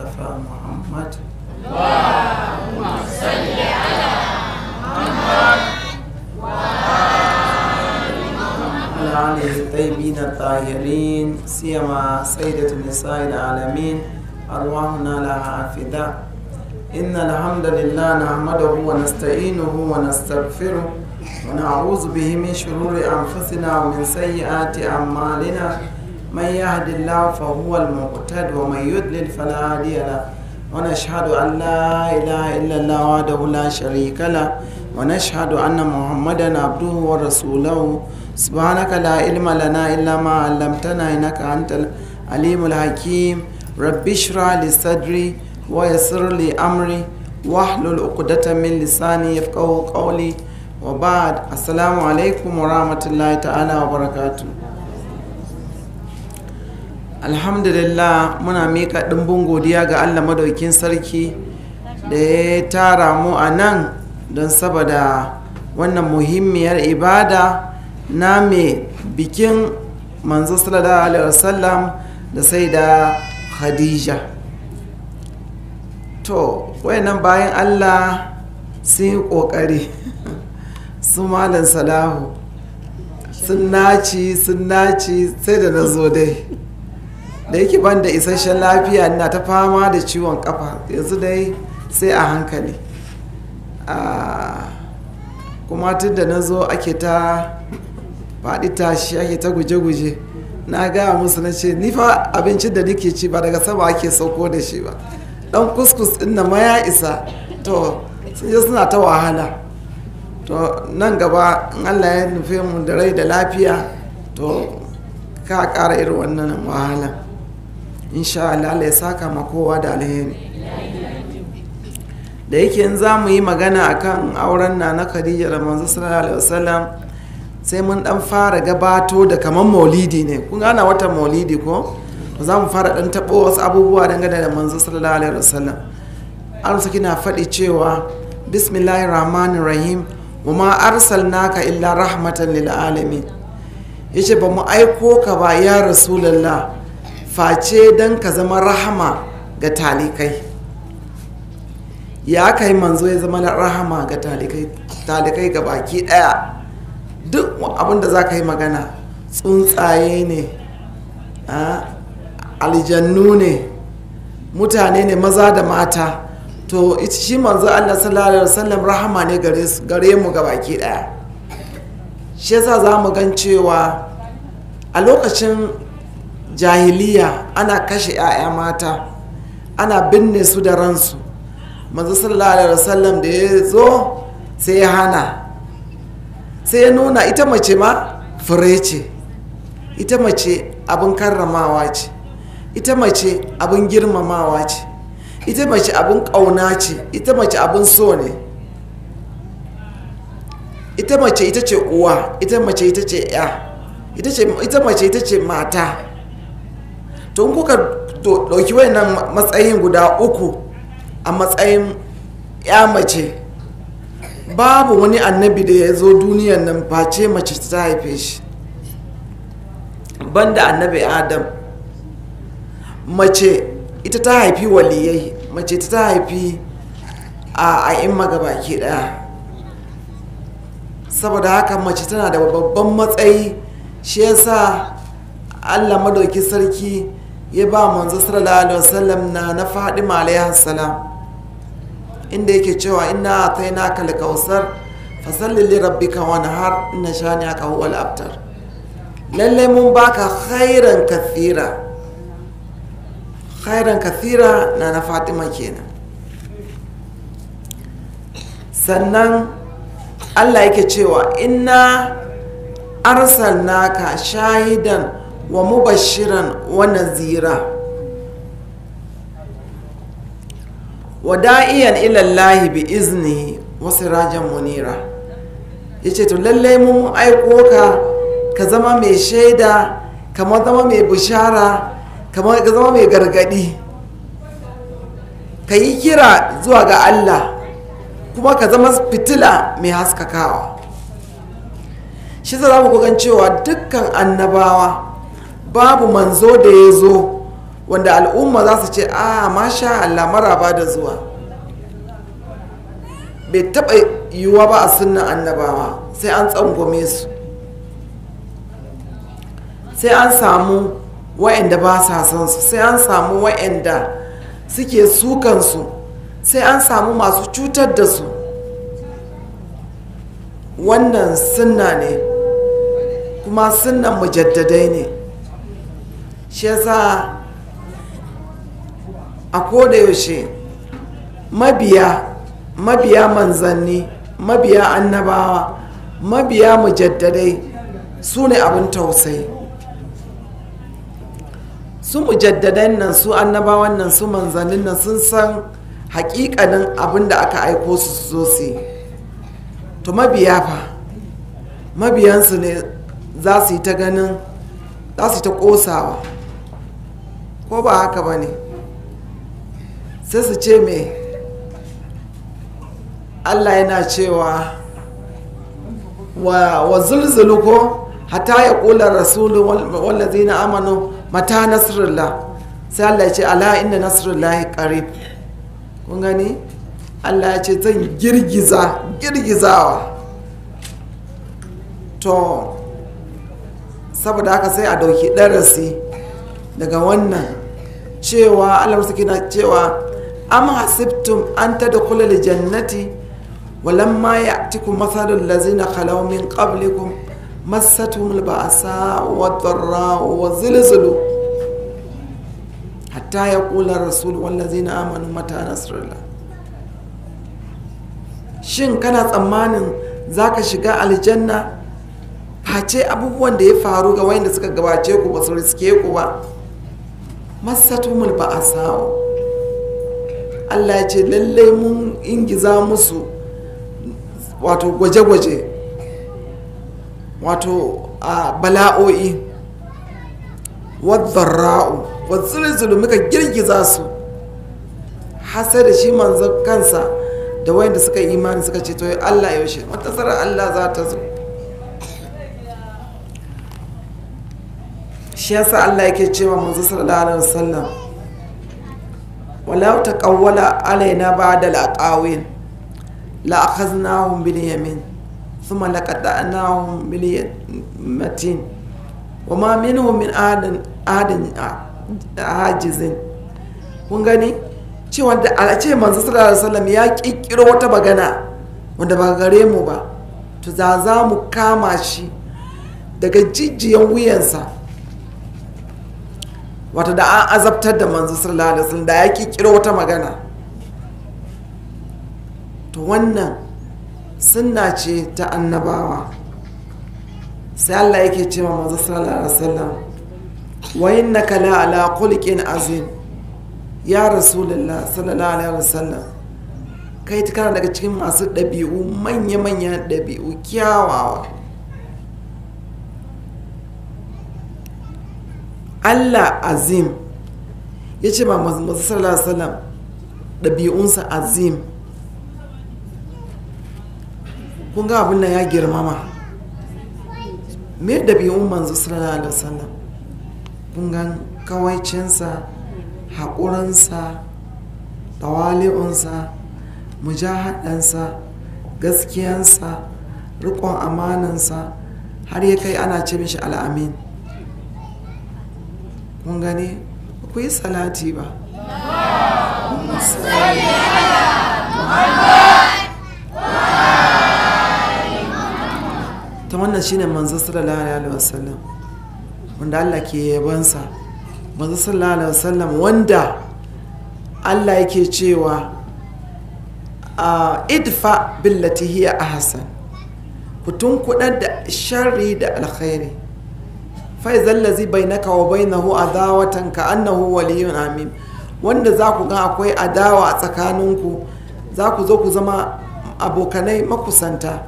المصطفى محمد اللهم صل على محمد وعلى آله الطيبين الطاهرين سيما سيدة النساء العالمين أرواحنا لها فداء إن الحمد لله نحمده ونستعينه ونستغفره ونعوذ به من شرور أنفسنا ومن سيئات أعمالنا من يهد الله فهو المقتد ومن يضلل فلا هادي له ونشهد أن لا إله إلا الله وحده لا شريك له ونشهد أن محمدا عبده ورسوله سبحانك لا علم لنا إلا ما علمتنا إنك أنت العليم الحكيم رب اشرح لي صدري ويسر لي أمري واحلل عقدة من لساني يفقهوا قولي وبعد السلام عليكم ورحمة الله تعالى وبركاته alhamdulillah muna mika dimbin godiya ga allah madaukin sarki da ya tara mu a nan don saboda wannan muhimmiyar ibada na mai bikin manzo sallallahu alaihi wasallam da sai da khadija to wayannan bayan allah sun yi ƙoƙari su malam salahu sun naci sun naci sai da na zo dai da yake ban da isasshen lafiya ina ta fama da ciwon kafa yanzu dai sai a hankali ah, kuma tun da na zo ake ta faɗi tashi ake ta guje-guje na gaya musu na ce nifa abincin da nake ci ba daga sama ake sauko da shi ba dan kuskus din na maya isa to sun je suna ta wahala to nan gaba in allah ya nufe mu da rai da lafiya to ka ƙara irin wannan wahala insha Allah Allah ya saka ma kowa da alheri da yake in za mu yi magana akan auren na na Khadija da manzo sallallahu alaihi wasallam sai mun dan fara gabato da kaman maulidi ne kun gana wata maulidi ko za mu fara dan tabo wasu abubuwa dangane da manzo sallallahu alaihi wasallam an saki na faɗi cewa bismillahir rahmanir rahim wa ma arsalnaka illa rahmatan lil alamin yace ba mu aiko ka ba ya rasulullah face don ka zama rahama ga talikai ya kai manzo ya zama rahama ga talikai ga baki daya duk abinda za ka yi magana tsuntsaye ne aljannu ne mutane ne maza da mata to shi manzo allah sallallahu alaihi wasallam rahama ne gare mu ga baki daya shi yasa za mu gan cewa a lokacin jahiliya ana kashe 'ya'ya mata ana binne su da ransu manzo sallallahu alaihi wasallam da ya zo sai ya hana sai ya nuna ita mace ma fure ce ita mace abin karramawa ce ita mace abin girmamawa ce ita mace abin ƙauna ce ita mace abin so ne ita mace ita ce uwa ita mace ita ce ya ita mace ita ce mata to kuka ɗauki wayannan matsayin guda uku a matsayin ya mace babu wani annabi da ya zo duniyan nan face mace ta haife shi banda annabi adam mace ita ta haifi waliyai mace ta haifi a a'imma gabaki daya saboda haka mace tana da babban matsayi shi yasa allah madauki sarki ya ba manzo sallallahu alaihi wasallam na na fadima salam inda yake cewa inna ataina kal kausar fasalli li rabbika wanhar inna shani'aka huwal abtar lalle mun baka khairan kathira khairan kathira na na fatima kenan sannan Allah yake cewa inna arsalnaka shahidan wa mubashiran wa nazira wa da'iyan ilallahi bi iznihi wa sirajan munira yace to lallai mun aiko ka ka zama mai shaida kamar zama mai bishara kamar ka zama mai gargadi ka yi kira zuwa ga Allah kuma ka zama fitila mai haskakawa shi za mu gan cewa dukkan annabawa babu manzo da ya zo wanda al'umma za su ce a ah, masha Allah maraba da zuwa bai taɓa yiwuwa ba a sunan annabawa sai an tsangwame su sai an samu wa'anda ba sa son su sai an samu wa'anda suke sukansu sai an samu masu cutar da su wannan sunna ne kuma sunnan mujaddadai ne shi yasa a kodayaushe mabiya mabiya manzanni mabiya annabawa mabiya mujaddadai su ne abin tausayi su mujaddadan nan su annabawan nan su manzannin nan sun san hakikanin abin da aka aiko su zo su to mabiya fa mabiyansu ne za su yi ta ganin za su yi ta kosawa ko ba haka ba ne sai su ce me allah yana cewa wa zulzulu ko hata ya kula rasulun wallazi na amanu mata nasrullah sai allah ya ce ala inda ya karib kun gani allah ya ce zan girgiza girgizawa to saboda haka sai a dauki darasi daga wannan cewa Allah suke na cewa am hasibtum an tadkhulu aljannati walamma ya'tikum mathalul ladzina khalaw min qablikum massatuhum alba'sa wad-dharra wazilzalu hatta yaqula ar-rasul wallazina amanu mata nasrullah shin kana tsammanin zaka shiga aljanna face abubuwan da ya faru ga wayanda suka gabace ku ba su riske ku ba masatumul ba'asa'u Allah ya ce lallai mun ingiza musu wato gwaje-gwaje wato a bala'o'i wadarra'u wadzulzulu muka girgiza su hasa da shi manzan kansa da wayanda suka imani suka ce to Allah yaushe wata Allah za ta zo shi yasa Allah yake cewa manzo sallallahu alaihi wasallam walau taqawwala alaina ba'da al-aqawil la akhadnahum bil yamin thumma laqata'nahum bil matin wa ma minhum min adan adan ajizin kun gani cewa da a ce manzo sallallahu alaihi wasallam ya kikkiro wata bagana wanda ba gare mu ba to za za mu kama shi daga jijiyan wuyansa wata da an azabtar da manzo sallallahu alaihi wasallam da ya kikiro wata magana to wannan sunna ce ta annabawa sai Allah yake ce ma manzo sallallahu alaihi wasallam wa innaka la ala khulqin azim ya rasulullah sallallahu alaihi wasallam kai kana daga cikin masu ɗabi'u manya manya ɗabi'u kyawawa allah azim ya ce ma masu sallallahu alaihi ɗabi'unsa azim kun ga abin nan ya girmama me ɗabi'un manzu sallallahu alaihi wasallam kun ga kawaicinsa haƙurinsa tawali'unsa mujahadansa gaskiyansa riƙon amanansa har ya kai ana ce mishi al'amin kun gani ku yi salati ba ta wannan shine manzo sallallahu alaihi wasallam wanda Allah ke yabansa manzo sallallahu alaihi wasallam wanda Allah yake cewa idfa billati hiya ahsan ku tunkudar da sharri da alkhairi fa zallazi bainaka wa bainahu adawatan ka annahu waliyyun amin wanda za ku ga akwai adawa a tsakaninku za ku zo ku zama abokanai makusanta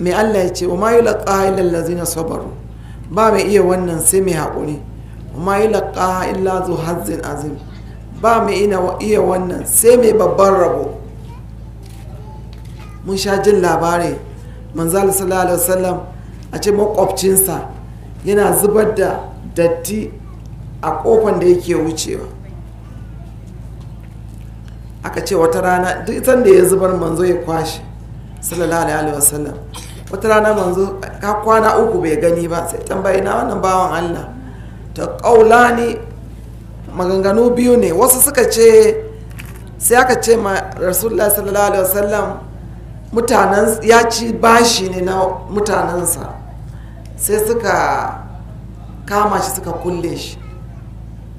mai Allah ya ce wa ma yulqa illa na sabaru ba mai iya wannan sai mai haƙuri wa ma laƙa illa zo hazin azim ba mai iya wannan sai mai babban rabo mun sha jin labari manzal sallallahu alaihi wasallam a ce makwabcinsa yana zubar da datti a kofan da yake wucewa aka ce wata rana duk sanda ya zubar manzo ya kwashe sallallahu alaihi sallam. wata rana manzo ka kwana uku bai gani ba sai tambayi na wannan bawan Allah ta kaulani maganganu biyu ne wasu suka ce sai aka ce ma rasulullahi sallallahu alaihi sallam, mutanen ya ci bashi ne na mutanensa sai suka kama shi suka kulle shi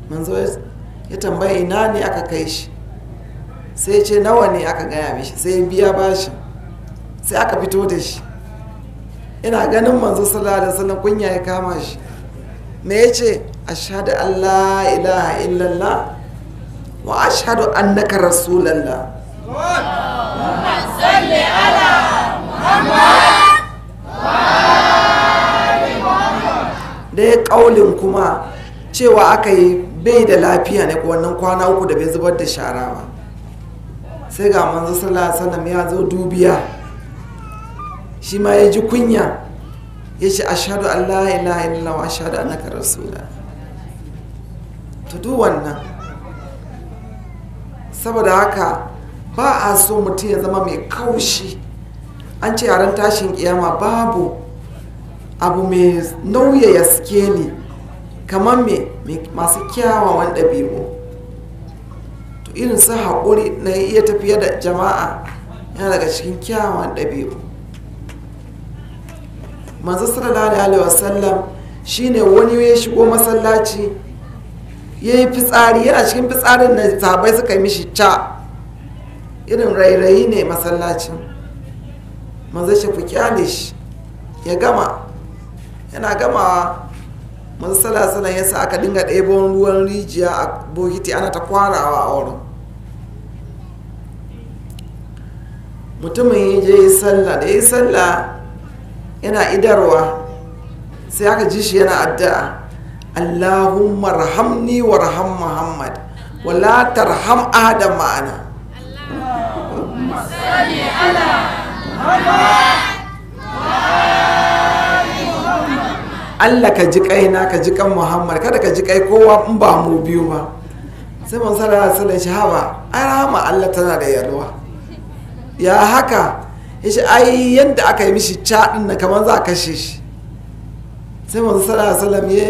manzo ya tambayi ina ne aka kai shi sai ce nawa ne aka gaya mishi sai ya biya bashi sai aka fito da shi ina ganin manzo sallallahu alaihi wasallam kunya ya kama shi me yace ashhadu an la ilaha illallah wa ashhadu annaka rasulullah salli ala muhammad ya ƙaulin kuma cewa aka yi bai da lafiya ne wannan kwana uku da bai zubar da shara ba sai ga manzo sallallahu alaihi ya zo dubiya shi ma ya ji kunya ya ce ashadu allah ilaha illallah wa ashadu annaka rasula to duk wannan saboda haka ba a so mutum ya zama mai kaushi an ce yaren tashin kiyama babu abu mai ya suke ni kamar me masu kyawawan ɗabi'u to irin su haƙuri na iya tafiya da jama'a yana daga cikin kyawawan ɗabi'u manzo sallallahu alaihi wasallam shine wani ya shigo masallaci ya yi fitsari yana cikin fitsarin na sabai suka yi mishi ca irin rairayi ne masallacin manzo shi fi kyale shi ya gama yana gama mun salasalan yasa aka dinga ɗebon ruwan rijiya a bokiti ana ta kwarawa a wurin mutumin ya je yi sallah da ya yi sallah yana idarwa sai aka ji shi yana addu'a allahumma rahamni wa raham muhammad wala tarham adam ma'ana Allah ka ji kaina ka ji kan Muhammad kada ka ji kai kowa in ba mu biyu ba sai man sallallahu alaihi wasallam haba ai rahama Allah tana da yalwa ya haka shi ai yanda aka yi mishi din na kamar za kashe shi sai man sallallahu alaihi wasallam ya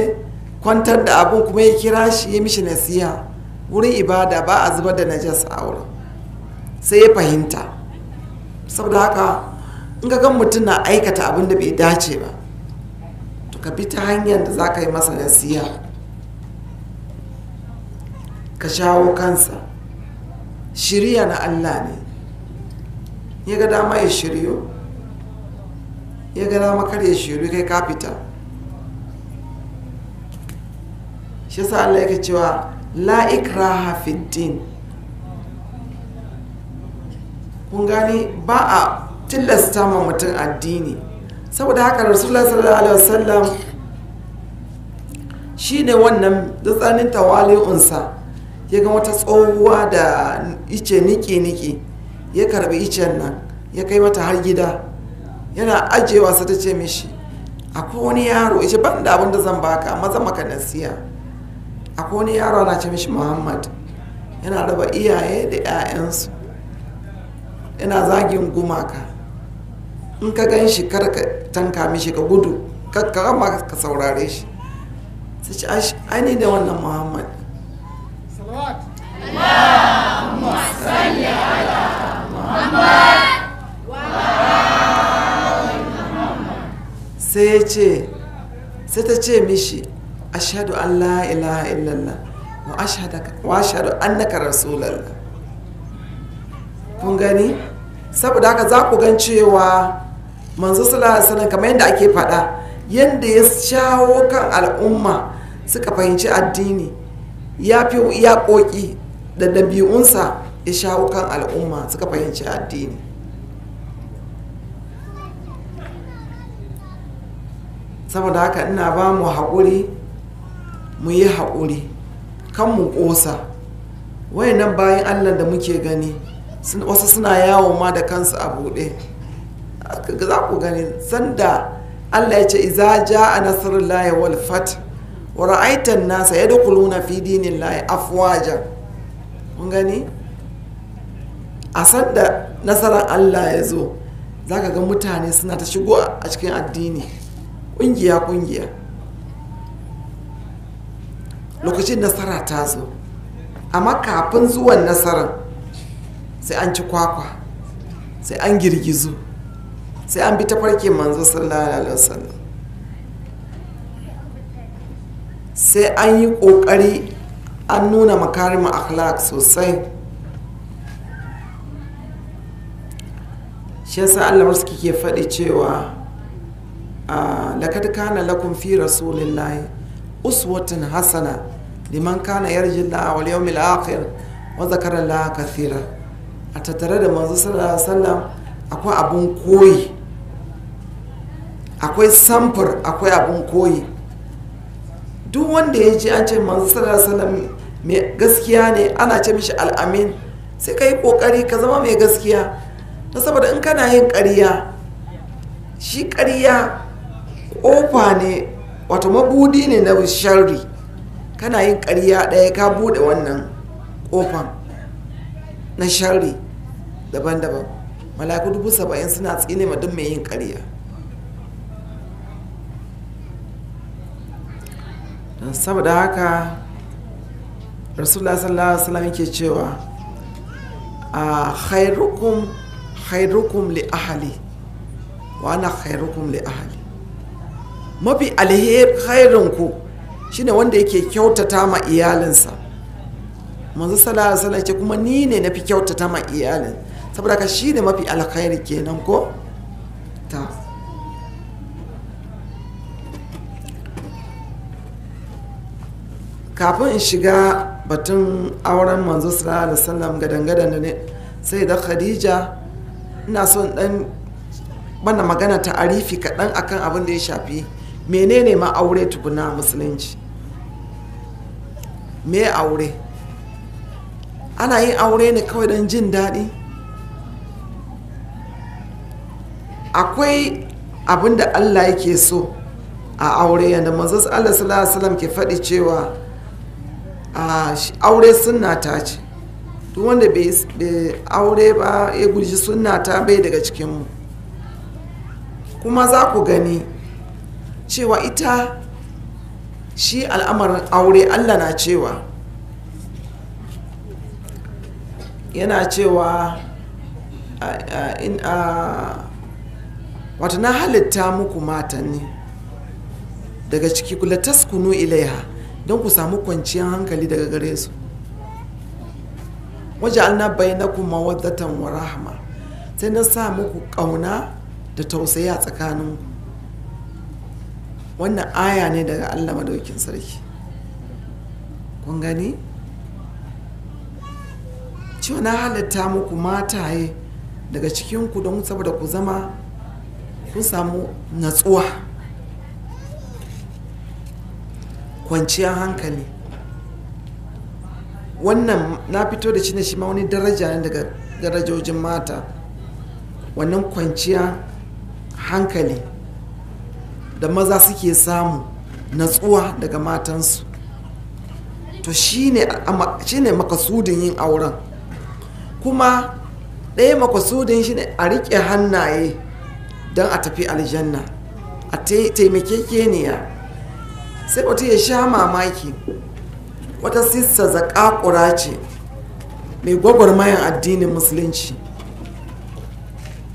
kwantar da abun kuma ya kira shi ya mishi nasiha wurin ibada ba a zubar da najas a wurin sai ya fahimta saboda haka in ga mutum na aikata abin da bai dace ba ka bi ta hanyar da za ka yi masa nasiya ka shawo kansa shirya na allah ne ya ga dama ya shiryo ya ga dama kar ya shiryo kai ka fita shi sa allah yake cewa la ikraha fiddin kun gani ba a tilasta ma mutum addini saboda haka rasulullah sallallahu alaihi wasallam shine wannan tsananin tawali'unsa ya ga wata tsohuwa da ice niki-niki ya karbi icen nan ya kai mata har gida yana ajewa sa ta ce mishi akwai wani yaro ice ban da abin da zan baka amma zan maka nasiya akwai wani yaro ana ce mishi muhammad yana raba iyaye da 'ya'yansu yana zagin gumaka in ka gan shi kar ka tanka mishi ka gudu ka kama ka saurare shi sai ci ani da wannan muhammad sai ya ce sai ta ce mishi ashadu an la ilaha illallah wa ashadu annaka rasulallah kun gani saboda haka za ku gan cewa manzo sallallahu alaihi wasallam kamar yadda ake faɗa yadda ya shawo kan al'umma suka fahimci addini ya fi ya koki da dabi'unsa ya shawo kan al'umma suka fahimci addini saboda haka ina ba mu haƙuri mu yi haƙuri kan mu ƙosa wayannan bayan allah da muke gani wasu suna yawo ma da kansu a buɗe za ku gani sanda Allah ya ce iza a nasarar wal fath wa ra'aita an-nasa kuluna fi laye afuwaja kun gani a sanda nasarar Allah ya zo za ka ga mutane suna ta shigo a cikin addini kungiya kungiya lokacin nasara ta zo amma kafin zuwan nasarar sai an ci kwakwa sai an girgizu sai an bi ta farke manzo sallallahu alaihi wasallam sai an yi kokari an nuna makarimin akhlaq sosai shi yasa Allah suke ke faɗi cewa ah, laqad kana lakum fi rasulillahi uswatun hasana liman kana yarjillaha wal yawmil akhir wa zakara Allah kathira a tattare da manzo sallallahu alaihi wasallam akwai abun koyi akwai samfur akwai abin koyi duk wanda ya ji an ce manzo sallallahu mai gaskiya ne ana ce mishi al'amin sai ka yi kokari ka zama mai gaskiya na saboda in kana yin ƙarya shi ƙarya ƙofa ne wata mabudi ne na sharri kana yin ƙarya ɗaya ka buɗe wannan ƙofan na sharri daban-daban malaku dubu saba'in suna tsine ma duk mai yin ƙarya saboda haka rasulullah sallallahu alaihi wasallam yake cewa a khairukum khairukum li ahali wa ana khairukum li ahli mafi alherinku shine wanda yake kyautata ma iyalinsa manzo sallallahu alaihi wasallam yake kuma ni ne nafi kyautata ma iyalin saboda ka shine mafi alkhairi kenan ko kafin in shiga batun auren manzo sallallahu alaihi wasallam gadan-gadan ne sai da khadija ina son dan bana magana ta arifi kaɗan akan abin da ya shafi menene ma aure tukuna musulunci me aure ana yin aure ne kawai don jin daɗi akwai abinda da allah yake so a aure yadda manzo sallallahu alaihi wasallam ke faɗi cewa a aure sunna ta ce duk wanda bai aure ba ya guji sunna ta bai daga cikinmu kuma za ku gani cewa ita shi al'amarin aure allah na cewa yana cewa wata na halitta muku matan ne daga ciki kula taskunu ilaiha don ku samu kwanciyar hankali daga gare su waje an na kuma wadatan wa rahama sai na sa muku kauna da tausayi a tsakanin wannan aya ne daga allah madaukin sarki kun gani cewa na halatta muku mataye daga cikinku don saboda ku zama kun samu natsuwa kwanciyar hankali wannan na fito da shi ne shi ma wani daraja ne daga darajojin mata wannan kwanciyar hankali da maza suke samu natsuwa daga matansu to shi ne makasudin yin auren kuma ɗaya makasudin shi ne a riƙe hannaye don a tafi aljanna a taimakekeniya sai wata ya sha mamaki wata sista zakakura ce mai gwagwarmayan addinin musulunci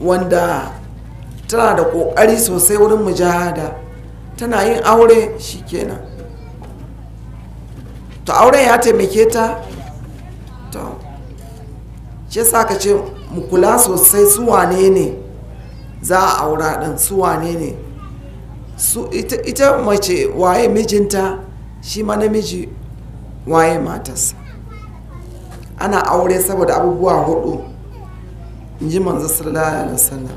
wanda tana da ƙoƙari sosai wurin mujahada tana yin aure shikenan to auren ya taimake ta to shi sa ka ce mu kula sosai su wane ne za a aura ɗin su ne su ita, ita mace waye mijinta shi ma namiji waye matarsa ana aure saboda abubuwa hudu in ji manzo sallallahu alaihi wasallam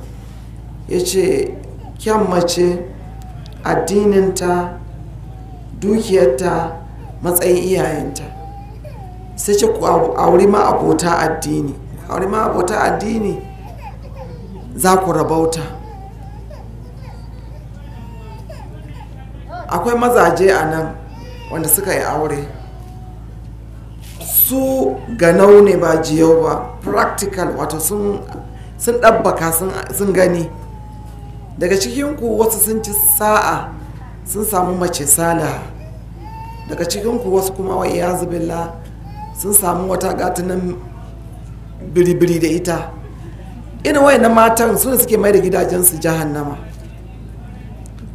ya ce kyan mace addininta dukiyarta matsayin iyayenta sai ce ku auri ma abota addini auri ma abota addini za ku rabauta akwai mazaje a nan wanda suka yi aure su ganau ne ba jiyau ba practical wato sun ɗabbaka sun gani daga cikinku wasu sun ci sa'a sun samu mace sala daga cikinku wasu kuma wa sun samu wata gatunan biribiri da ita ina wayannan matan su ne suke mai da gidajensu jahannama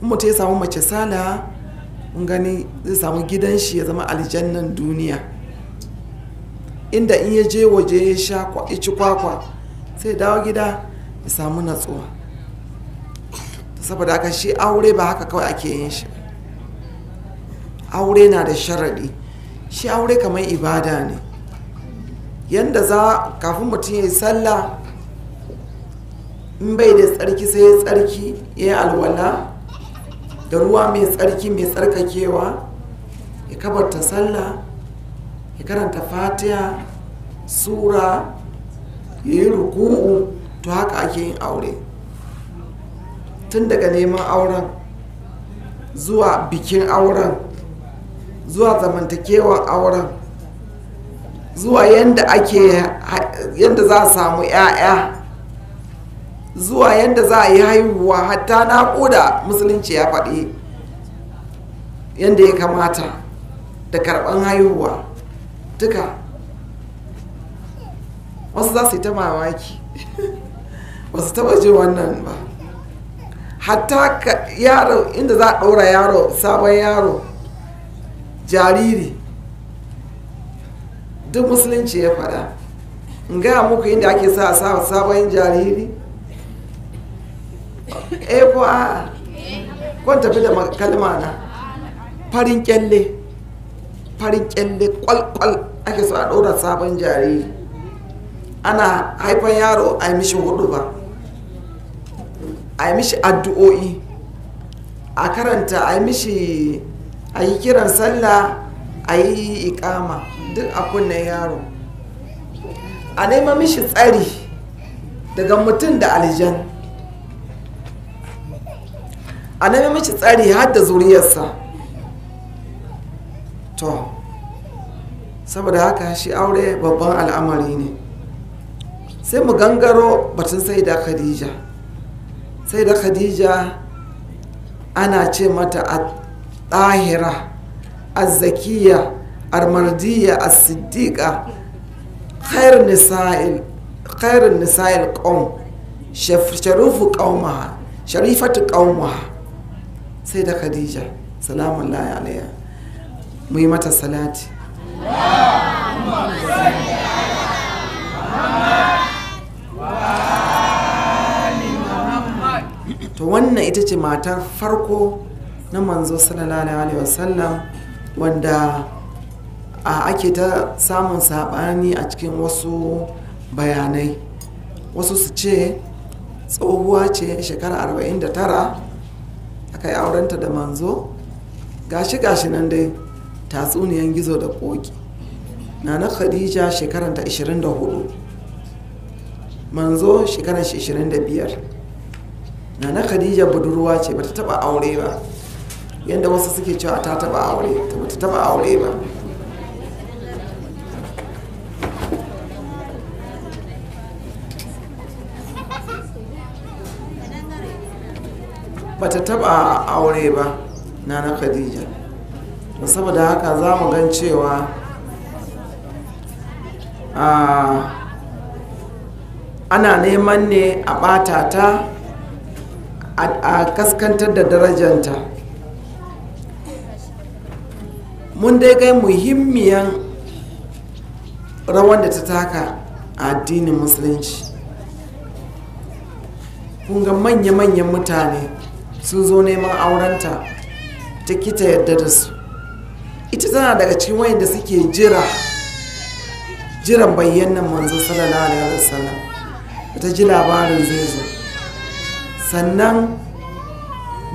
mutu ya samu mace sala gani zai samu gidan shi ya zama aljannan duniya inda in ya je waje ya sha ci kwakwa sai dawo gida ya samu natsuwa saboda haka shi aure ba haka kawai ake yin shi aure na da sharaɗi shi aure kamar ibada ne yadda za kafin mutum ya yi sallah in bai da tsarki sai ya tsarki ya yi alwala da ruwa mai tsarki mai tsarkakewa ya kabarta sallah ya karanta fatiha sura ya yi ruku'u to haka ake yin aure tun daga neman auren zuwa bikin auren zuwa zamantakewa auren zuwa yadda za a samu 'ya'ya zuwa yadda za a yi haihuwa hatta naƙuda musulunci ya faɗi yadda ya kamata da karɓan haihuwa duka wasu za su yi ta mamaki ba su taɓa jin wannan ba hatta yaro inda za a ɗora yaro sabon yaro jariri duk musulunci ya faɗa in gaya muku inda ake sa sabon jariri E, ko a? kwan tafi da kalma na farin kyalle farin kyalle kwalkwal ake so a ɗora sabon jariri ana haifan yaro a yi mishi hudu ba a yi mishi addu'o'i a karanta a yi mishi a yi kiran sallah a yi ikama duk a kunnen yaro a nema mishi tsari daga mutum da aljan a nemi mace tsari har da zuriyarsa to saboda haka shi aure babban al'amari ne sai mu gangaro batun sai da khadija sai da khadija ana ce mata a ɗahira a armardiya a siddiqa khair nisa'il khairun nisa'il ƙon sharifatu ƙaunwa. sai da khadija salamun laye alaiya mu mata salati to wannan ita ce matar farko na manzo sallallahu alaihi wasallam wanda a ake ta samun saɓani a cikin wasu bayanai wasu su ce tsohuwa ce shekara 49 aka yi aurenta da manzo gashi gashi nan dai tatsuniyan gizo da koki nana khadija shekaranta 24 manzo shekaran 25 nana khadija budurwa ce bata taba aure ba yadda wasu suke cewa ta taba aure ta bata taba aure ba bata taba aure ba na na khadija saboda haka za mu gan cewa ana neman ne a bata ta a kaskantar da darajanta mun dai gai muhimmiyan rawan da ta taka a addinin musulunci kunga manya-manyan mutane sun zo neman aurenta ta kita yadda da su ita tana daga cikin da suke jira jiran bayyanan manzo sallallahu alaihi wasallam ta ji labarin zai zo sannan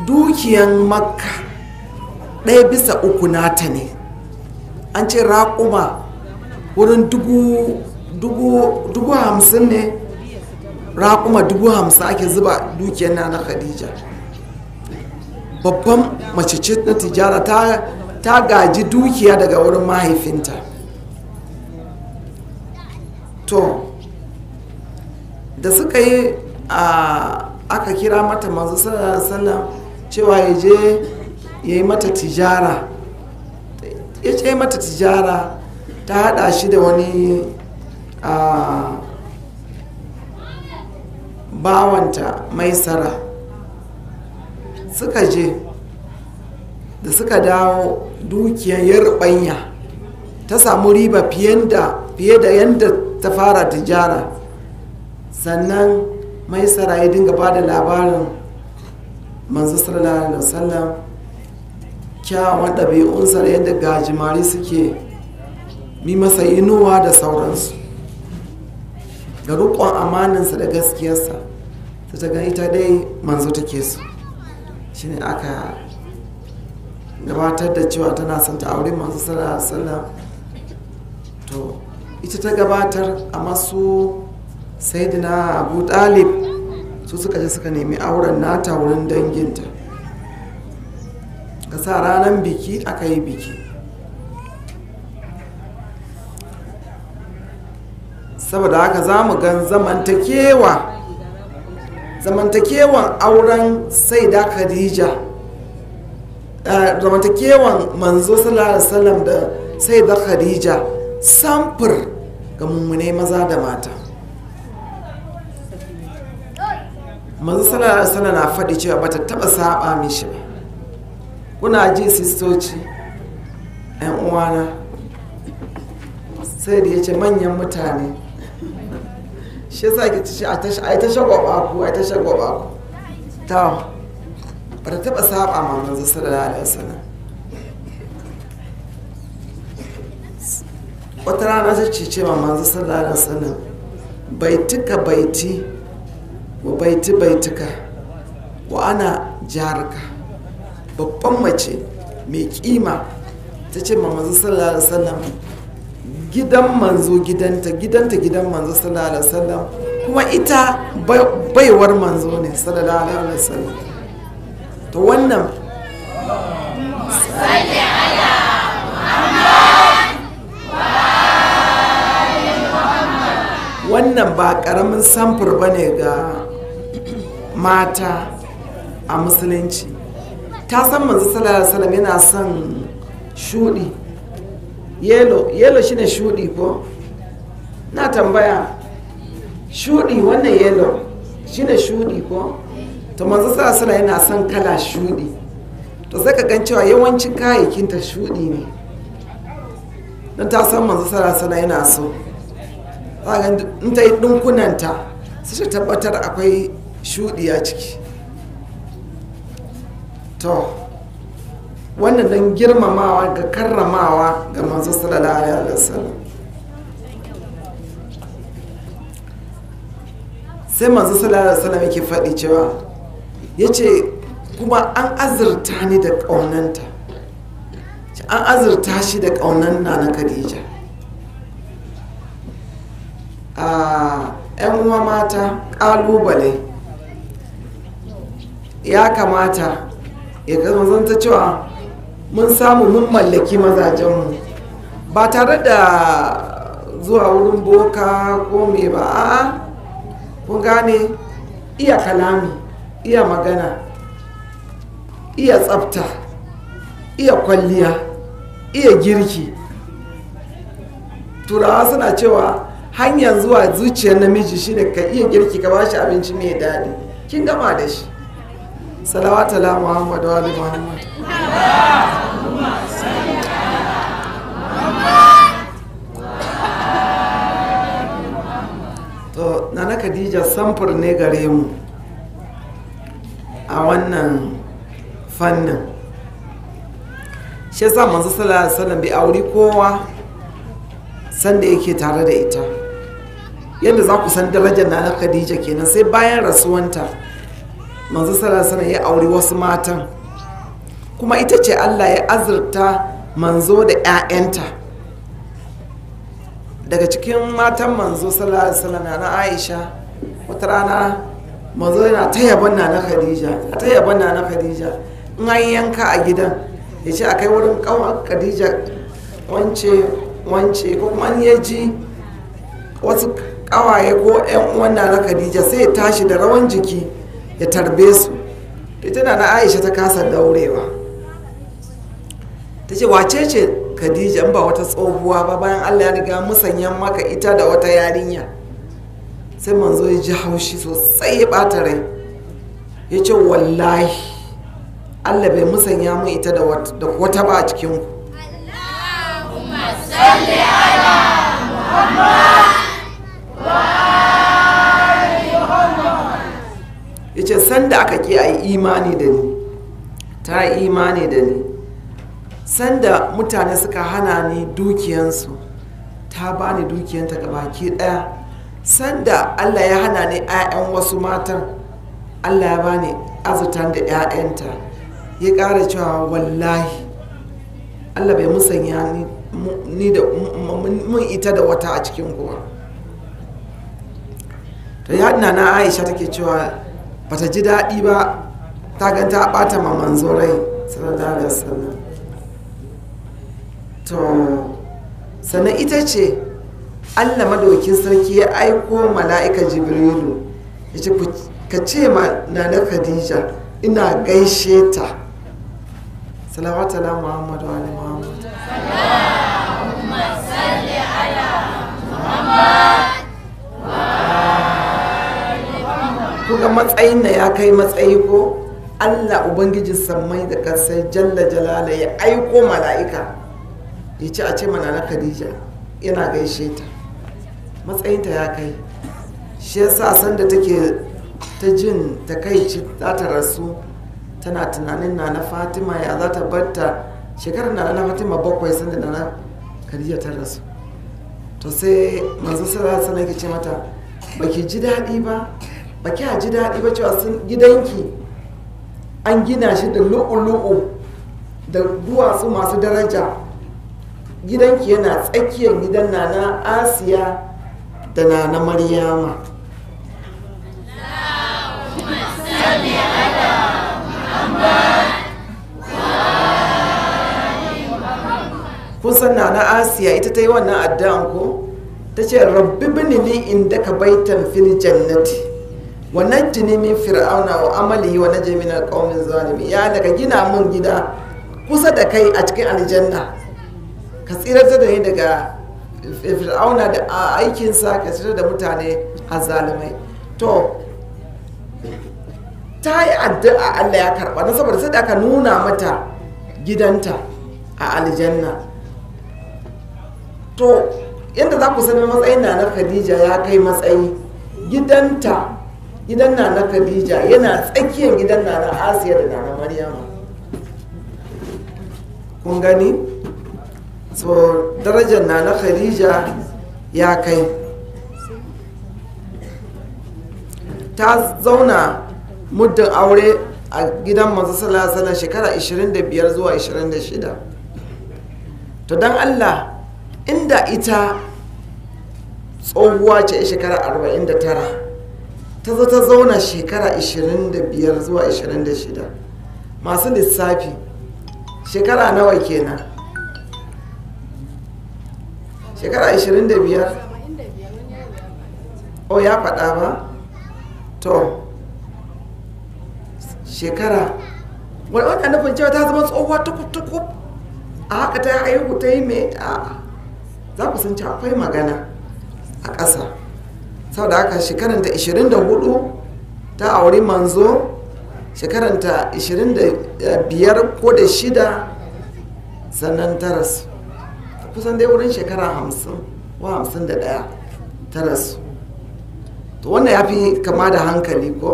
dukiyan makka ɗaya bisa uku nata ne an ce raƙuma wurin dubu hamsin ne raƙuma dubu hamsin ake zuba dukiyan na na khadija babban mace ce na tijara ta gaji dukiya daga wurin mahaifinta to da suka yi a aka kira mata masu sallam cewa ya je ya yi mata tijara ya ce mata tijara ta hada shi da wani bawanta mai sara suka je da suka dawo dukiyar yarbanya ta samu riba fiye da yadda ta fara tijara sannan mai ya dinga ba da labarin manzu sallallahu alaihi wasallam kyawun ɗabi'unsa da yadda gajimari suke mi masa inuwa da sauransu ga rukon amaninsa da gaskiyarsa ta ta gani ta dai manzu take su shine aka gabatar da cewa tana son ta aure masu sallah to ita ta gabatar a masu saidina abu dalib su suka je suka nemi auren nata wurin danginta ka sa ranar biki aka yi biki saboda haka za mu gan zamantakewa zamantakewan auren sai da khadija eh, zamantakewan manzo salam da sai da khadija samfur ga mummune maza da mata manzo sallallahu alaihi na faɗi cewa bata taɓa saba mishi ba kuna ji sistoci yan uwana sai da ya ce manyan mutane shi yasa ki ci a ta shagwaba ku a ta shagwaba ku ta ba ta taba saba ma manzo sallallahu alaihi wasallam wata rana ta ce ma manzo sallallahu alaihi wasallam baituka baiti wa baiti baituka wa ana jarka babban mace mai kima ta ce ma manzo sallallahu alaihi wasallam gidan manzo gidanta gidanta gidan manzo sallallahu alaihi wasallam kuma ita baiwar manzo ne sallallahu alaihi wasallam to wannan wannan ba karamin samfur ba ne ga mata a musulunci ta san manzo sallallahu alaihi wasallam yana son shudi yelo yelo shine shudi ko na tambaya shudi wannan yelo shine shudi ko to manzo sa sala yana son kala shudi to sai ka gan cewa yawancin kayayyakin ta shudi ne don ta san manzo sa sala yana so in ta yi dinkunanta sai ta tabbatar akwai shudi a ciki to wannan don girmamawa ga karramawa ga manzo sallallahu alaihi wasallam sai manzo sallallahu alaihi wasallam yake faɗi cewa yace kuma an azurta ni da ƙaunanta an azurta shi da ƙaunan na na Khadija a ƴan uwa mata ƙalubale ya kamata ya kasance cewa mun samu mun mallaki mazajenmu ba tare da zuwa wurin boka ko me ba a kun gane iya kalami iya magana iya tsafta iya kwalliya iya girki turawa suna cewa hanyar zuwa zuciyar namiji shine ka iya girki ka bashi abinci mai daɗi kin gama da shi salawatu ala muhammad wa ali muhammad nana khadija samfur ne gare mu a wannan fannin shi sa manzo sallallahu bai auri kowa sanda yake tare da ita yadda za ku san darajar nana khadija kenan sai bayan rasuwanta manzo sallallahu ya auri wasu matan kuma ita ce Allah ya azurta manzo da 'ya'yanta daga cikin matan manzo sallallahu alaihi na Aisha wata rana manzo yana ta yabon na na Khadija ta yabon na na Khadija in an yanka a gidan ya ce akai wurin kawon Khadija wance wance ko kuma ya ji wasu kawaye ko 'yan uwan na na Khadija sai ya tashi da rawan jiki ya tarbe su ta tana na aisha ta kasa daurewa ta ce wace ce khadija ba wata tsohuwa ba bayan allah ya riga musanyan maka ita da wata yarinya sai manzo ya ji haushi sosai ya bata rai ya ce wallahi allah bai musanya mu ita da wata ba a cikin Allahumma salli ala Muhammad wa yace sanda aka ki a yi imani da ni ta imani da ni sanda mutane suka hana ni dukiyansu ta bani dukiyanta ga baki daya sanda allah ya hana ni 'ya'yan wasu matan allah ya bani azutan da 'ya'yanta ya ƙara cewa wallahi allah bai musanya ni da mun ita da wata a cikin kowa to ya na aisha take cewa bata ji daɗi ba ta ga ta ɓata ma manzo rai sallallahu to sannan ita ce allah madaukin sarki ya aiko mala'ika jibrilu ya ce ka ce ma na nana khadija ina gaishe ta salawatala muhammadu wa muhammadu kuga matsayin da ya kai matsayi ko allah ubangiji sammai da ƙasai jalla jalala ya aiko mala'ika ya ci a ce mana na khadija yana gaishe ta matsayinta ya kai shi yasa sanda take ta jin ta ci za ta rasu tana tunanin na na fatima ya za ta batta shekarar na na fatima bakwai sanda na na khadija ta rasu to sai manzo sallallahu alaihi wasallam ce mata baki ji daɗi ba ba kya ji daɗi ba cewa sun gidanki an gina shi da lu'u-lu'u da duwatsu masu daraja gidanki yana tsakiyar gidan na na asiya da na na maryama kun san na asiya ita ta yi wannan addu'an ko ta ce rabbi bini ni inda ka baitan fil jannati wa najjini min fir'auna wa amali wa najjini min alqawmin zalimi ya daga gina mun gida kusa da kai a cikin aljanna ka tsirar da ni daga fir'auna da aikinsa ka tsirar da mutane zalimai to ta yi addu'a Allah ya karba na saboda sai da aka nuna mata gidanta a aljanna to yadda za ku sani matsayin na na khadija ya kai matsayi gidanta gidan na na khadija yana tsakiyar gidan na na asiya da na maryama kun gani so darajar na na khadija ya kai ta zauna muddin aure a gidan masu salasala shekara 25 zuwa 26 to don allah inda ita tsohuwa ce shekara 49 ta zo ta zauna shekara 25 zuwa 26 masu lissafi shekara nawa kenan shekara 25 oh ya faɗa ba to shekara wanda nufin cewa ta zama tsohuwa tukutuku? a haka ta haihu ta yi mai a za ku sun ci akwai magana a ƙasa sau da haka ta 24 ta auri manzo ta 25 ko da shida sannan ta rasu kusan dai wurin shekara 50 wa 51 ta rasu to wannan ya fi kama da hankali ko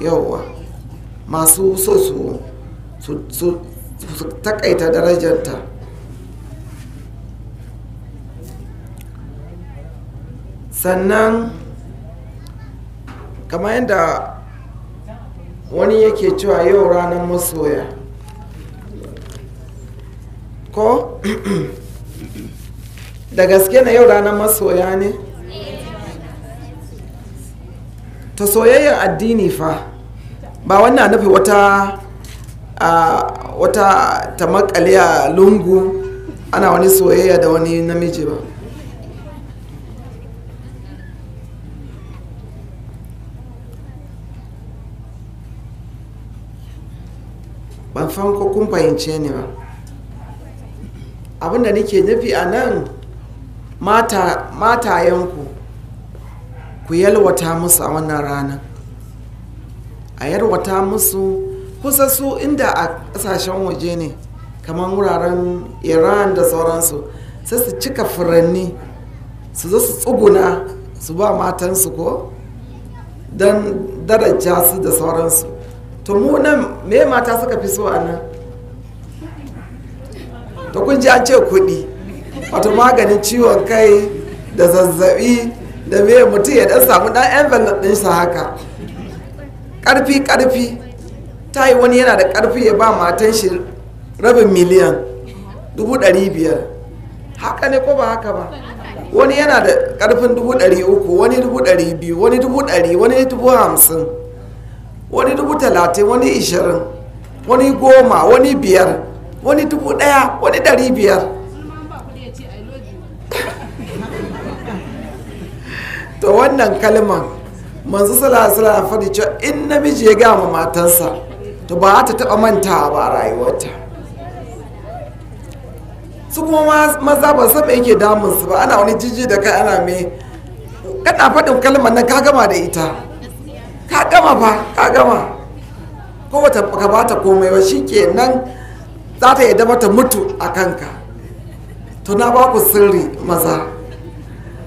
yauwa masu so su takaita darajarta sannan kama yadda wani yake cewa yau ranar masoya ko da gaske na yau ranar masoya ne ta soyayyar addini fa ba wannan nufi wata wata ta makale a lungu ana wani soyayya da wani namiji ba ban fan ko kun fahimce ne ba abinda nake nufi a nan matayenku ku yalwata musu a wannan rana a yalwata musu kusa su inda a ƙasashen waje ne kamar wuraren iran da sauransu sai su cika furanni su zo su tsuguna su ba matansu ko don daraja su da sauransu to mu nan me mata suka fi so a nan to kun ji an ce kuɗi wato maganin ciwon kai da zazzabi da me mutum ya dan samu dan envelope sa haka ƙarfi ƙarfi ta yi wani yana da karfi ya ba matan shi rabin miliyan dubu ɗari biyar haka ne ko ba haka ba wani yana da ƙarfin dubu ɗari uku wani dubu ɗari biyu wani dubu ɗari wani dubu hamsin wani dubu talatin wani ishirin wani goma wani biyar wani dubu daya wani dari biyar to wannan kalman manzu salasala a faɗi cewa in namiji ya gama matansa to ba ta taɓa manta ba rayuwarta su kuma maza ba san me yake damunsu ba ana wani jijji da kai ana me kana faɗin kalmar nan ka gama da ita ka gama fa ka gama ko bata ka bata komai ba nan za ta yadda ta mutu a kanka to na ba ku sirri maza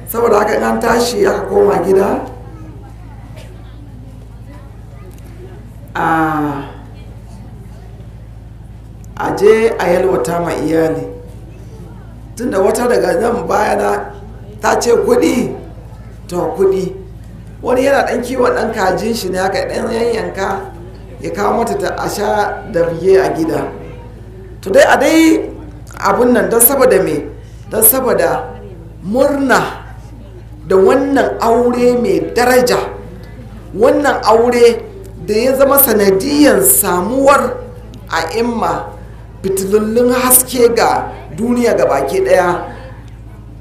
saboda haka an tashi aka koma gida a je a yalwata ma iyali tunda wata daga nan bayana ta ce kudi to kudi wani yana dan kiwon ɗan kajin shi ne haka dan yanyanka ya kawo mata ta a sha da biye a gida to dai a dai abun nan don saboda me don saboda murna da wannan aure mai daraja wannan aure da ya zama sanadiyan samuwar a imma fitilullun haske ga duniya ga baki daya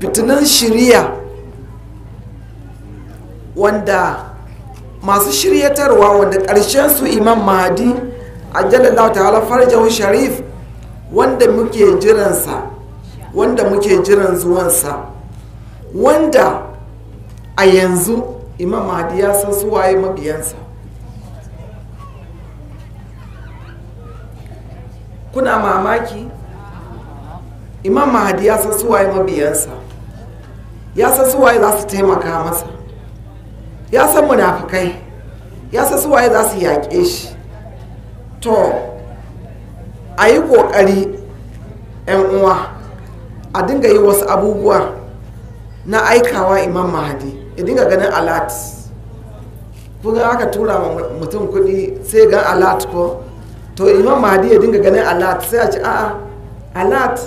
fitilun shirya wanda masu shiryatarwa wanda ƙarshen su imam mahadi ajalallahu ta'ala farjahu sharif wanda muke jiransa wanda muke jiran zuwansa wanda a yanzu imam mahadi ya san su waye mabiyansa kuna mamaki imam mahadi ya san su waye mabiyansa ya san su waye za su taimaka masa ya san munafikai ya san su waye za su yaƙe shi to a yi ƙoƙari 'yan uwa a dinga yi wasu abubuwa na aikawa imam mahadi ya dinga ganin alat kun aka tura ma mutum kuɗi sai gan alat ko to imam mahadi ya dinga ganin alat sai a ci a'a alat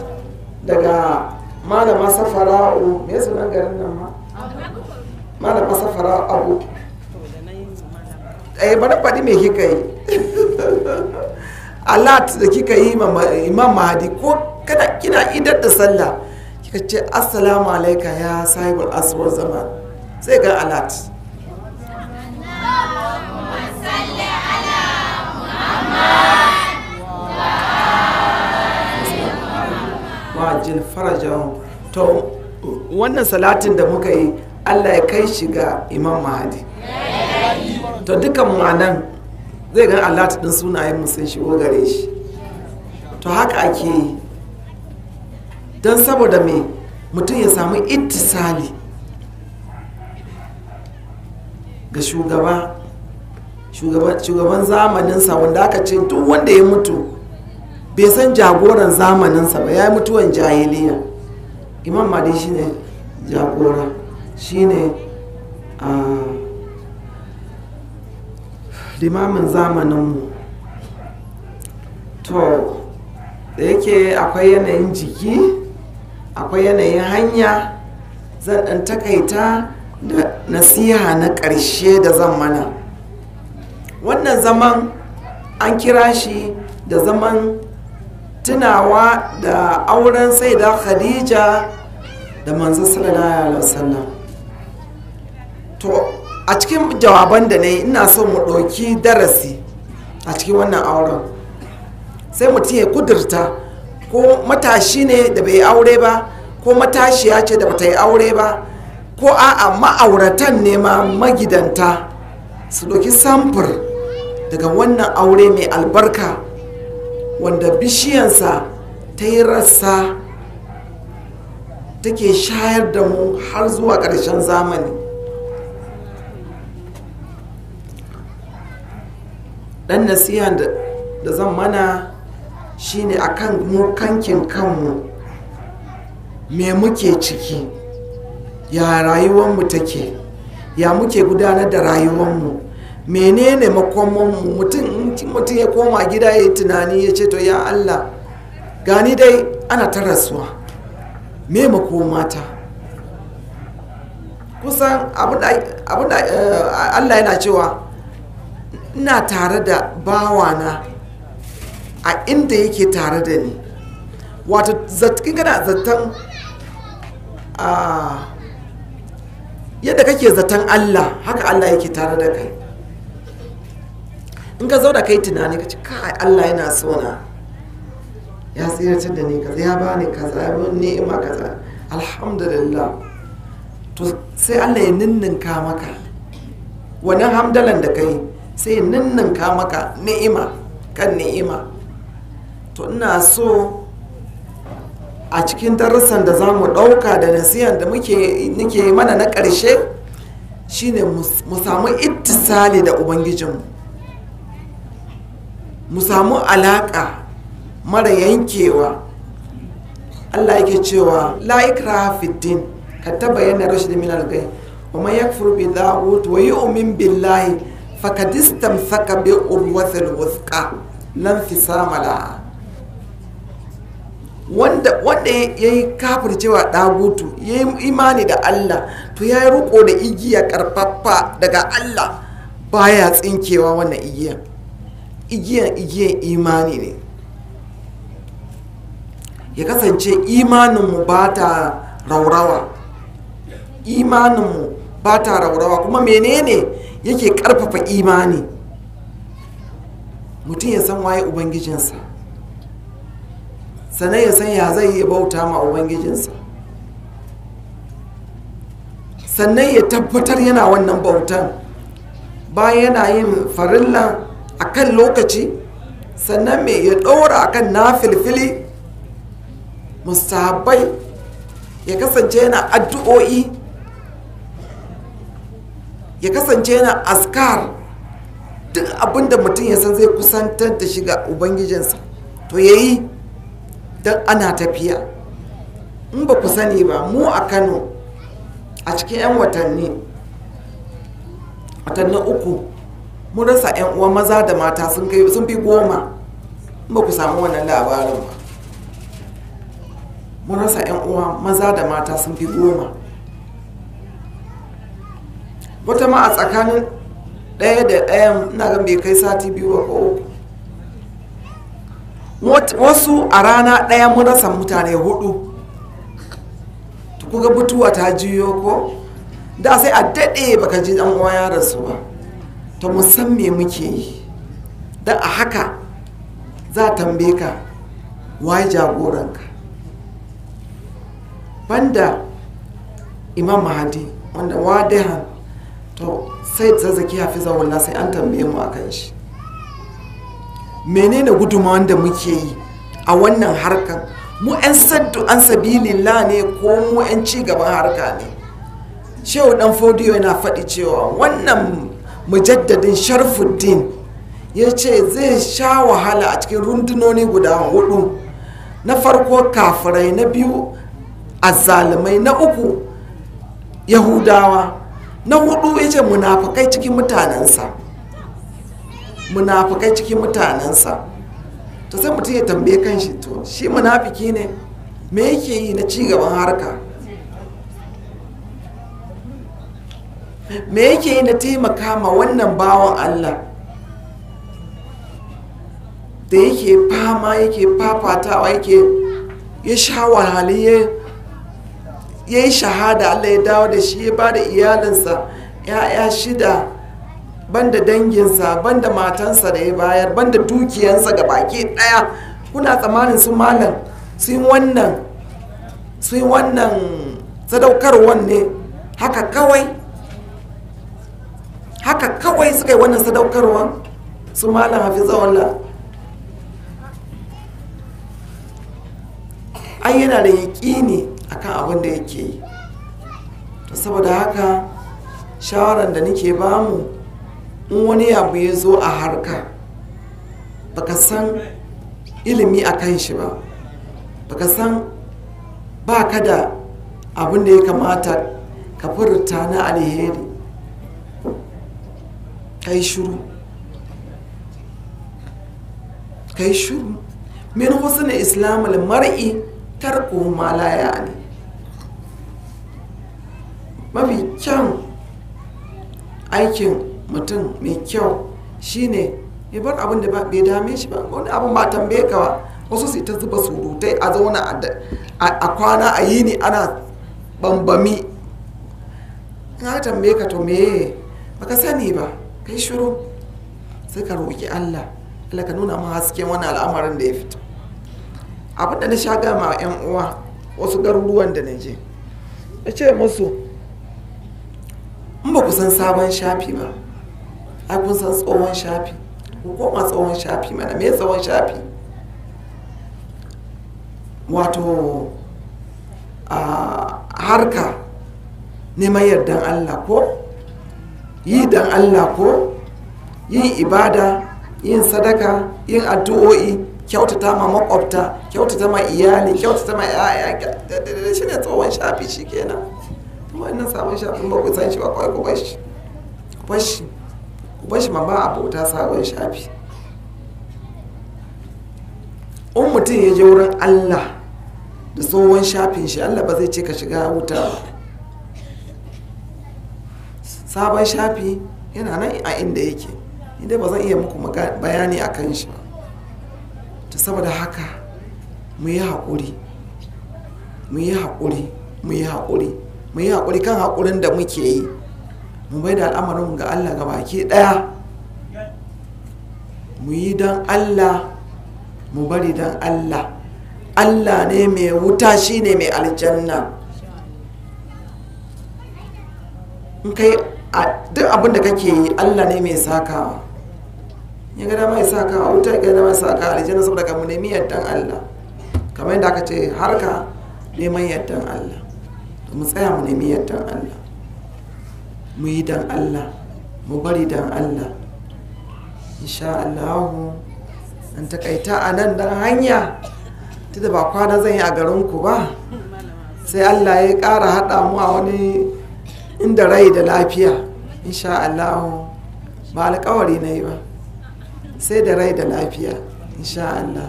daga malama safara'u me sunan garin nan ma malam fara abu eh bana faɗi me kika yi alat da kika yi imam mahadi ko kada kina idar da sallah kika ce assalamu alaika ya sahibul aswar zaman sai ga alat wajin farajan to wannan salatin da muka yi allah ya kai shi ga imam Mahdi. to dukan mu anan zai gan allah ta ɗin sunayen sun shigo gare shi to haka ake yi don saboda me mutum ya samu ittisali ga shugaba shugaban zamaninsa wanda aka ce duk wanda ya mutu bai san jagoran zamaninsa ba ya yi mutuwan jahiliya imam madi shine jagora shine a limamin zamaninmu to da yake akwai yanayin jiki akwai yanayin hanya zan ɗan takaita da nasiha na ƙarshe da zan mana wannan zaman an kira shi da zaman tunawa da auren sai da khadija da manzo sallallahu alaihi wasallam to a cikin jawaban da na yi ina so mu ɗauki darasi a cikin wannan auren sai mutum ya kudurta ko matashi ne da bai yi aure ba ko matashiya ce da bata yi aure ba ko a'a ma'auratan ne ma magidanta su ɗauki samfur daga wannan aure mai albarka wanda bishiyansa ta yi rassa take shayar da mu har zuwa ƙarshen zamani dan nasiha da zan mana shine akan mu kankin kanmu me muke ciki ya rayuwarmu take ya muke gudanar da rayuwanmu menene makomanmu mutum mutum ya koma gida ya yi tunani ya ce to ya allah gani dai ana ta rasuwa me makomata kusan abin da eh, allah yana cewa ina tare da bawana a inda yake tare da ni wato zaton gana zaton yadda kake zaton allah haka allah yake tare da kai in ka zauna kai tunani ka ci kai allah yana sona ya tsiratar da ni kaza ya bani kaza ya bani ni'ima kaza alhamdulillah to sai allah ya ninninka maka wannan hamdalan da kai sai ka maka ni'ima kan ni'ima to ina so a cikin darasan da za mu ɗauka da nasiyan da muke mana na ƙarshe shine mu samu ittisali da ubangijin mu samu alaƙa mara yankewa allah yake cewa la'ikra fiddin ka taba yana rashin minar gai wa man yakfur bi wa umin billahi fakadistan saka bi urwatul wuska lan fi samala wanda wanda ya yi cewa dagutu ya yi imani da Allah to ya yi da igiya karfafa daga Allah baya tsinkewa wannan igiya igiyan igiyan imani ne ya kasance imaninmu ba ta raurawa imaninmu ba ta raurawa kuma menene yake karfafa imani mutum ya san waye ubangijinsa sannan ya san ya zai yi bauta ma ubangijinsa sannan ya tabbatar yana wannan bautan bayan yana yin farilla a kan lokaci sannan mai ya ɗora a kan nafilfili mustahabbai ya kasance yana addu'o'i ya kasance yana askar duk abinda mutum ya san zai kusantar da shiga ubangijinsa to ya yi don ana tafiya in ba ku sani ba mu a kano a cikin 'yan watanni watanni uku mun rasa 'yan uwa maza da mata sun fi goma in ba ku samu wannan labarin ba mun rasa 'yan uwa maza da mata sun fi goma wata ma a tsakanin ɗaya da ɗayan na ga bai kai sati biyu ba ko wasu a rana ɗaya mun rasa mutane hudu kuga butuwa ta jiyo ko da sai a daɗe baka ji ɗan uwa ya rasu ba to musan me muke yi da a haka za a tambaye ka waye jagoranka banda imam mahadi wanda wadahan to sai zazzaki hafiza wallah sai an tambaye mu akan shi menene gudunmawan da muke yi a wannan harkar mu 'yan saddu an sabilillah ne ko mu ci gaban harka ne shehu dan fodiyo yana faɗi cewa wannan mujaddadin sharfuddin ya ce zai sha wahala a cikin rundunoni guda hudu na farko kafirai na biyu azzalumai na uku yahudawa na hudu yace munafakai cikin mutanensa munafakai cikin mutanensa Ta sai mutum ya tambaye kanshi to shi munafiki ne me yake yi na cigaban harka me yake yi na taimaka ma wannan bawan allah da yake fama yake fafatawa yake ya sha wahalaye ya yi shahada allah ya dawo da shi ya ba da iyalinsa ya'ya shida banda danginsa banda matansa da ya bayar banda dukiyansa ga baki daya kuna tsammanin su malam sun wannan sun wannan sadaukarwan ne haka kawai haka kawai suka yi wannan sadaukarwan su malam zaunla ai yana da ne. akan abin da yake yi to saboda haka shawaran da nake bamu in wani abu ya zo a harka baka san ilimi a kan shi ba baka san ba ka da abin da ya kamata ka furta na alheri kai shuru kai shuru min husnul islamul mar'i tarku ma la ya'ni mafi kyan aikin mutum mai kyau shine ya bar abin da bai dame shi ba wani abin ba tambaye ka ba wasu su ta zuba surutai a zauna a kwana a yini ana bambami na tambaye ka to meye baka sani ba kai shiru sai ka roƙi Allah Allah ka nuna mu hasken wani al'amarin da ya fito abin da na sha gama 'yan uwa wasu garuruwan da na je na ce musu in ba ku san sabon shafi ba ai kun san tsohon shafi ku koma tsohon shafi mana me tsohon shafi wato a harka neman yardan allah ko yi dan allah ko yin ibada yin sadaka yin addu'o'i kyautata ma makwabta kyautata ma iyali kyautata ma 'ya'ya shi ne tsohon shafi shi kenan Wannan sabon shafin ba ku san shi ba kawai ku bashi ku bashi ku bashi ma ba abota sabon shafi in mutum ya je wurin allah da tsohon shafin shi allah ba zai ce ka shiga wuta ba sabon shafi yana nan a inda yake inda ba zan iya muku bayani a kan shi ba ta saboda haka mu yi haƙuri mu yi haƙuri mu yi haƙuri mu yi haƙuri kan haƙurin da muke yi mu bai da al'amarin ga allah ga baki ɗaya mu yi don allah mu bari don allah allah ne mai wuta shi ne mai aljanna in kai duk abin da kake yi allah ne mai sakawa ya gada mai sakawa wuta ya gada mai sakawa aljanna saboda ka mu nemi yadda allah kamar yadda aka ce harka neman yadda allah mu tsaya mu nemi yardan Allah mu yi dan Allah mu bari dan Allah insha Allah an takaita a nan dan hanya tunda ba kwana zan yi a garin ku ba sai Allah ya ƙara haɗa mu a wani inda rai da lafiya insha Allah ba alƙawari na yi ba sai da rai da lafiya insha Allah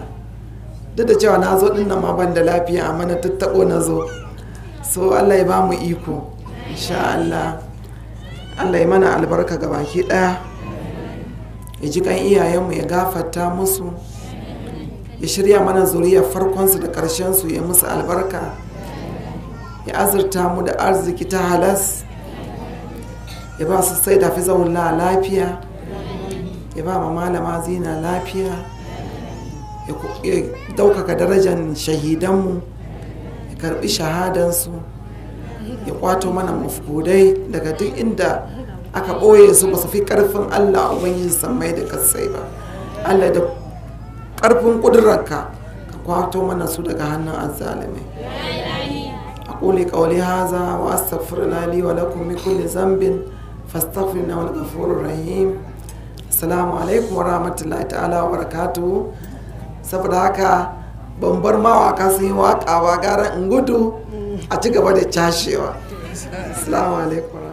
duk da cewa na zo ɗin nan ma ban da lafiya amma na tattaɓo na zo so allah ya ba mu iko insha allah allah ya mana albarka ga baki daya ya ji kan iyayenmu ya gafata musu ya shirya mana zuriyar farkonsu da ƙarshensu ya musu albarka ya azurta mu da arziki ta halas ya ba su sai da fi zaunla lafiya ya ba ma malama zina lafiya ya daukaka darajar shahidanmu karbi shahadansu ya kwato mana mafudai daga duk inda aka ɓoye su basu fi ƙarfin Allah a yin samai da kasai ba Allah da ƙarfin ƙudurarka ka kwato mana su daga hannun azzalumi. a ƙoli ƙauli haza wa astaghfir lali wa lakum min zambin fastaghfir na wani gafurur rahim assalamu alaikum wa rahmatullahi ala wa barakatuhu saboda haka ban bar mawaka sun yi waka ba gara in gudu a ci gaba da cashewa assalamu alaikum